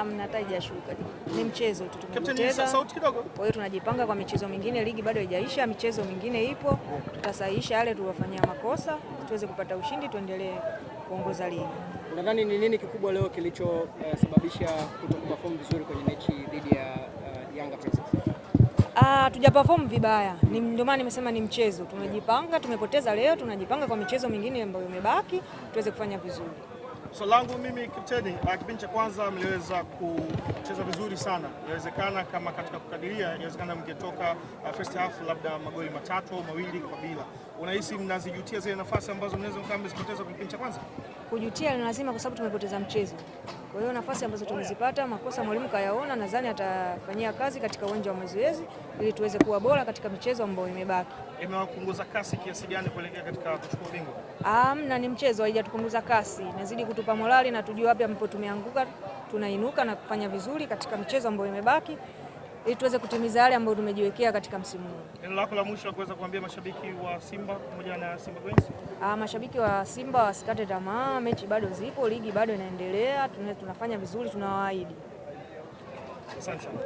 amna hata haijashuka. Ni mchezo tu tumeuteza. Sauti kidogo. Kwa hiyo tunajipanga kwa michezo mingine, ligi bado haijaisha, michezo mingine ipo, tutasahihisha yale tuliyofanyia makosa, tuweze kupata ushindi, tuendelee kuongoza ligi. Unadhani ni nini kikubwa leo kilichosababisha uh, kutokuperform vizuri kwenye mechi dhidi ya uh, Yanga Princess? Ah, tujaperform vibaya. vibaya. Ndio maana nimesema ni mchezo. Tumejipanga, tumepoteza leo, tunajipanga kwa michezo mingine ambayo imebaki, tuweze kufanya vizuri. So langu mimi Kapteni, uh, kipindi cha kwanza mliweza kucheza vizuri sana. Inawezekana kama katika kukadiria, inawezekana mngetoka uh, first half labda magoli matatu au mawili kwa bila. Unahisi mnazijutia zile nafasi ambazo mnaweza kwa kipindi cha kwanza? Kujutia ni lazima, kwa sababu tumepoteza mchezo kwa hiyo nafasi ambazo tumezipata, makosa mwalimu kayaona, nadhani atafanyia kazi katika uwanja wa mazoezi ili tuweze kuwa bora katika michezo ambayo imebaki. Imewapunguza kasi kiasi gani kuelekea katika kuchukua ubingwa? na ni mchezo, haijatupunguza kasi, inazidi kutupa morali na tujue wapi ambapo tumeanguka, tunainuka na kufanya vizuri katika michezo ambayo imebaki ili tuweze kutimiza yale ambayo tumejiwekea katika msimu huu. Neno lako la mwisho kuweza kuambia mashabiki wa Simba pamoja na Simba Queens? Ah, mashabiki wa Simba wasikate tamaa, mechi bado zipo, ligi bado inaendelea, tunafanya vizuri, tunawaahidi. Asante sana.